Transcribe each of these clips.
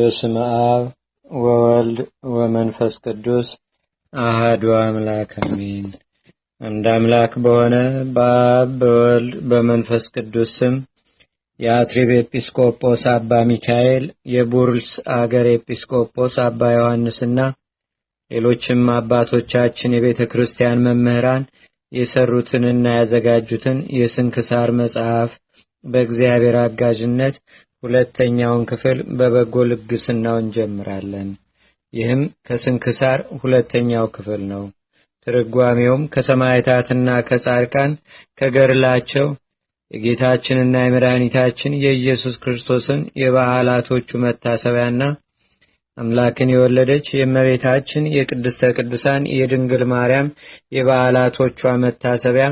በስም አብ ወወልድ ወመንፈስ ቅዱስ አህዱ አምላክ አሜን። አንድ አምላክ በሆነ በአብ በወልድ በመንፈስ ቅዱስ ስም የአትሪብ ኤጲስቆጶስ አባ ሚካኤል የቡርልስ አገር ኤጲስቆጶስ አባ ዮሐንስና ሌሎችም አባቶቻችን የቤተ ክርስቲያን መምህራን የሰሩትንና ያዘጋጁትን የስንክሳር መጽሐፍ በእግዚአብሔር አጋዥነት ሁለተኛውን ክፍል በበጎ ልግስናው እንጀምራለን። ይህም ከስንክሳር ሁለተኛው ክፍል ነው። ትርጓሜውም ከሰማዕታትና ከጻድቃን ከገርላቸው የጌታችንና የመድኃኒታችን የኢየሱስ ክርስቶስን የበዓላቶቹ መታሰቢያና አምላክን የወለደች የእመቤታችን የቅድስተ ቅዱሳን የድንግል ማርያም የበዓላቶቿ መታሰቢያ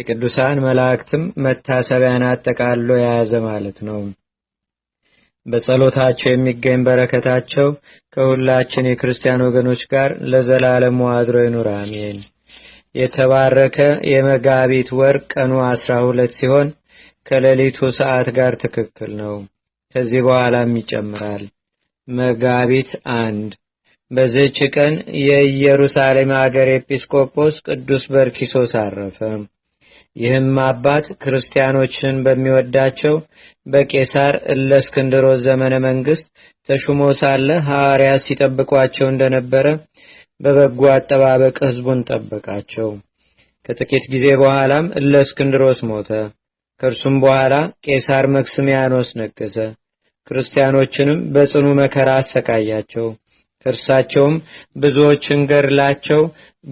የቅዱሳን መላእክትም መታሰቢያን አጠቃሎ የያዘ ማለት ነው። በጸሎታቸው የሚገኝ በረከታቸው ከሁላችን የክርስቲያን ወገኖች ጋር ለዘላለሙ አድሮ ይኑር፣ አሜን። የተባረከ የመጋቢት ወር ቀኑ አስራ ሁለት ሲሆን ከሌሊቱ ሰዓት ጋር ትክክል ነው። ከዚህ በኋላም ይጨምራል። መጋቢት አንድ በዚህች ቀን የኢየሩሳሌም አገር ኤጲስቆጶስ ቅዱስ በርኪሶስ አረፈም ይህም አባት ክርስቲያኖችን በሚወዳቸው በቄሳር እለስክንድሮ ዘመነ መንግስት ተሹሞ ሳለ ሐዋርያ ሲጠብቋቸው እንደነበረ በበጎ አጠባበቅ ህዝቡን ጠበቃቸው። ከጥቂት ጊዜ በኋላም እለስክንድሮስ ሞተ። ከእርሱም በኋላ ቄሳር መክስሚያኖስ ነገሰ። ክርስቲያኖችንም በጽኑ መከራ አሰቃያቸው። ከእርሳቸውም ብዙዎችን ገድላቸው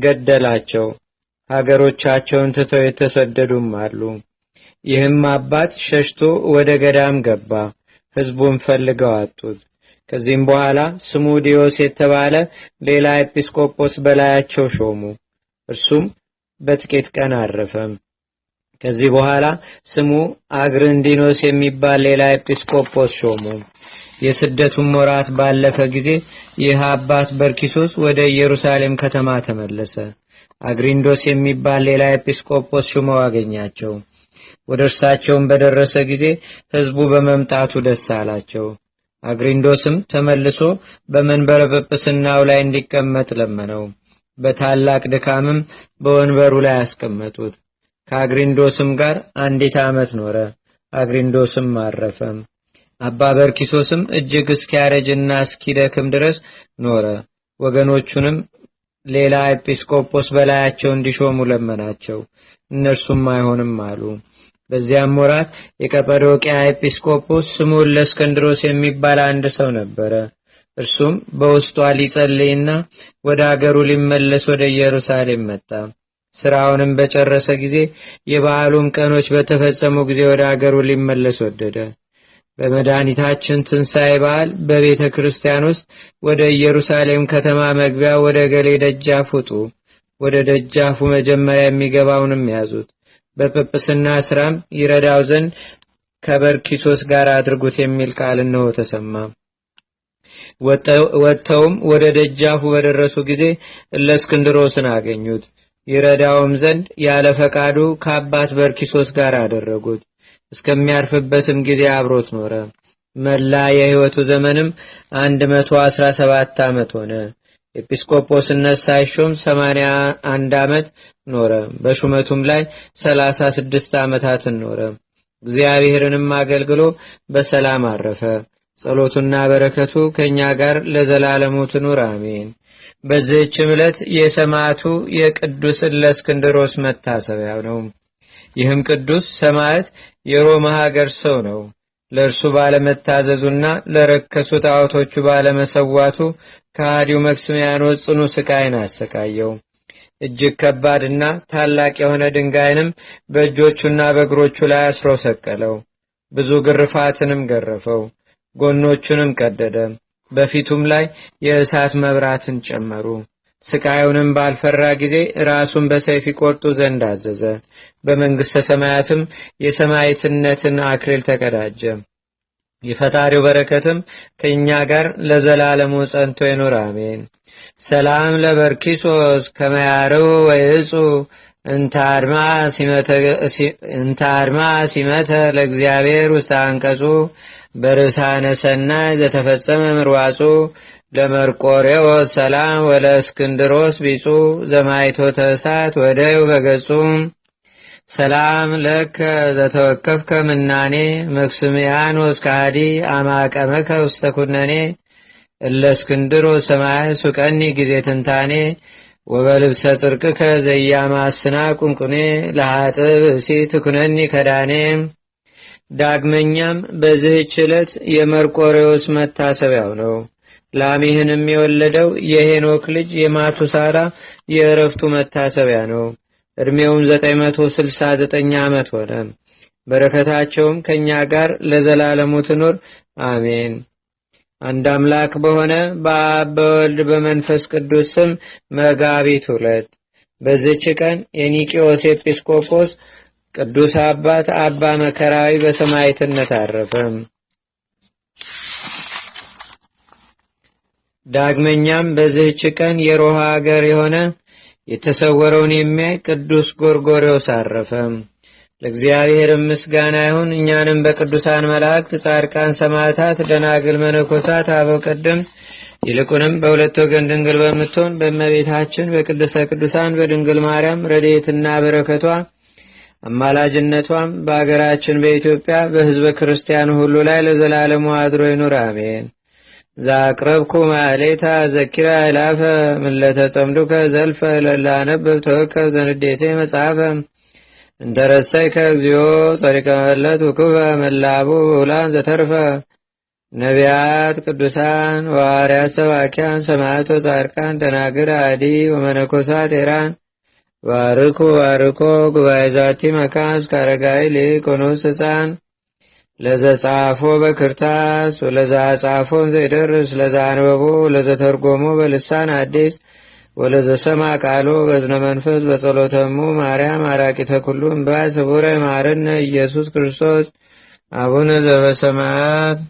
ገደላቸው። አገሮቻቸውን ትተው የተሰደዱም አሉ። ይህም አባት ሸሽቶ ወደ ገዳም ገባ። ሕዝቡን ፈልገው አጡት። ከዚህም በኋላ ስሙ ዲዮስ የተባለ ሌላ ኤጲስቆጶስ በላያቸው ሾሙ። እርሱም በጥቂት ቀን አረፈም። ከዚህ በኋላ ስሙ አግርንዲኖስ የሚባል ሌላ ኤጲስቆጶስ ሾሙ። የስደቱን ወራት ባለፈ ጊዜ ይህ አባት በርኪሶስ ወደ ኢየሩሳሌም ከተማ ተመለሰ። አግሪንዶስ የሚባል ሌላ ኤጲስቆጶስ ሹመው አገኛቸው። ወደ እርሳቸውም በደረሰ ጊዜ ሕዝቡ በመምጣቱ ደስ አላቸው። አግሪንዶስም ተመልሶ በመንበረ ጵጵስናው ላይ እንዲቀመጥ ለመነው። በታላቅ ድካምም በወንበሩ ላይ አስቀመጡት። ከአግሪንዶስም ጋር አንዲት ዓመት ኖረ። አግሪንዶስም አረፈ አባ በርኪሶስም እጅግ እስኪያረጅና እስኪደክም ድረስ ኖረ። ወገኖቹንም ሌላ ኤጲስቆጶስ በላያቸው እንዲሾሙ ለመናቸው። እነርሱም አይሆንም አሉ። በዚያም ወራት የቀጳዶቅያ ኤጲስቆጶስ ስሙን ለእስክንድሮስ የሚባል አንድ ሰው ነበረ። እርሱም በውስጧ ሊጸልይና ወደ አገሩ ሊመለስ ወደ ኢየሩሳሌም መጣ። ስራውንም በጨረሰ ጊዜ የበዓሉም ቀኖች በተፈጸሙ ጊዜ ወደ አገሩ ሊመለስ ወደደ። በመድኃኒታችን ትንሣኤ በዓል በቤተ ክርስቲያን ውስጥ ወደ ኢየሩሳሌም ከተማ መግቢያ ወደ ገሌ ደጃፍ ውጡ። ወደ ደጃፉ መጀመሪያ የሚገባውንም ያዙት። በጵጵስና ሥራም ይረዳው ዘንድ ከበርኪሶስ ጋር አድርጉት የሚል ቃል እነሆ ተሰማ። ወጥተውም ወደ ደጃፉ በደረሱ ጊዜ እለእስክንድሮስን አገኙት። ይረዳውም ዘንድ ያለ ፈቃዱ ከአባት በርኪሶስ ጋር አደረጉት። እስከሚያርፍበትም ጊዜ አብሮት ኖረ። መላ የሕይወቱ ዘመንም 117 ዓመት ሆነ። ኤጲስቆጶስነት ሳይሾም 81 ዓመት ኖረ። በሹመቱም ላይ 36 ዓመታትን ኖረ። እግዚአብሔርንም አገልግሎ በሰላም አረፈ። ጸሎቱና በረከቱ ከእኛ ጋር ለዘላለሙ ትኑር አሜን። በዚህች ዕለት የሰማዕቱ የቅዱስ እለእስክንድሮስ መታሰቢያ ነው። ይህም ቅዱስ ሰማዕት የሮማ ሀገር ሰው ነው። ለእርሱ ባለመታዘዙና ለረከሱ ጣዖቶቹ ባለመሰዋቱ ከሃዲው መክስሚያኖስ ጽኑ ስቃይን አሰቃየው። እጅግ ከባድና ታላቅ የሆነ ድንጋይንም በእጆቹና በእግሮቹ ላይ አስሮ ሰቀለው። ብዙ ግርፋትንም ገረፈው፣ ጎኖቹንም ቀደደ። በፊቱም ላይ የእሳት መብራትን ጨመሩ። ስቃዩንም ባልፈራ ጊዜ ራሱን በሰይፍ ይቆርጡ ዘንድ አዘዘ። በመንግሥተ ሰማያትም የሰማይትነትን አክሊል ተቀዳጀ። የፈጣሪው በረከትም ከእኛ ጋር ለዘላለሙ ጸንቶ ይኑር አሜን። ሰላም ለበርኪሶስ ከመያርው ወይጹ እንታድማ ሲመተ ለእግዚአብሔር ውስተ አንቀጹ በርሳነ ሰናይ ዘተፈጸመ ምርዋጹ ለመርቆሬዎስ ሰላም ወለእስክንድሮስ ቢጹ ዘማይቶ እሳት ወደዩ በገጹ ሰላም ለከ ዘተወከፍከ ምናኔ መክስምያኖስ ካዲ አማቀመከ ውስተኩነኔ ኩነኔ እለእስክንድሮስ ሰማይ ሱቀኒ ጊዜ ትንታኔ ወበልብሰ ጽርቅከ ዘያማስና ቁንቁኔ ለሃጥብ እሲ ትኩነኒ ከዳኔ። ዳግመኛም በዚህች ዕለት የመርቆሬዎስ መታሰቢያው ነው። ላሜህንም የወለደው የሄኖክ ልጅ የማቱሳራ የእረፍቱ መታሰቢያ ነው። ዕድሜውም 969 ዓመት ሆነ። በረከታቸውም ከእኛ ጋር ለዘላለሙ ትኖር አሜን። አንድ አምላክ በሆነ በአብ በወልድ በመንፈስ ቅዱስ ስም መጋቢት ሁለት በዚች ቀን የኒቄዎስ ኤጲስቆጶስ ቅዱስ አባት አባ መከራዊ በሰማዕትነት አረፈ። ዳግመኛም በዚህች ቀን የሮሃ አገር የሆነ የተሰወረውን የሚያይ ቅዱስ ጎርጎርዮስ አረፈ። ለእግዚአብሔር ምስጋና ይሁን። እኛንም በቅዱሳን መላእክት፣ ጻድቃን፣ ሰማዕታት፣ ደናግል፣ መነኮሳት፣ አበው ቀደም ይልቁንም በሁለት ወገን ድንግል በምትሆን በእመቤታችን በቅድስተ ቅዱሳን በድንግል ማርያም ረድኤትና በረከቷ አማላጅነቷም በአገራችን በኢትዮጵያ በህዝበ ክርስቲያኑ ሁሉ ላይ ለዘላለሙ አድሮ ይኑር። አሜን። ዛቅረብኩማ ሌታ ዘኪራ ይላፈ ምለተጸምዱከ ጸምዱከ ዘልፈ ለላነበብ ተወከብ ዘንዴቴ መጽሐፈ እንተረሰይ ከእግዚኦ ጸሪቀ መለት ውክፈ መላቡ ውላን ዘተርፈ ነቢያት ቅዱሳን ዋርያት ሰባኪያን ሰማያቶ ጻድቃን ደናግር አዲ ወመነኮሳት ኤራን ባርኩ ባርኮ ጉባኤ ዛቲ መካን እስከ አረጋዊ ሊቅ ህፃን ለዘጻፎ በክርታስ ወለዛ ጻፎ ዘይደርስ ለዛ አንበቦ ለዘ በልሳን አዲስ ወለዘሰማ ቃሎ በዝነ መንፈስ በጸሎተሙ ማርያም አራቂ ተኩሉም እምባ ስቡረ ማርነ ኢየሱስ ክርስቶስ አቡነ ዘበሰማያት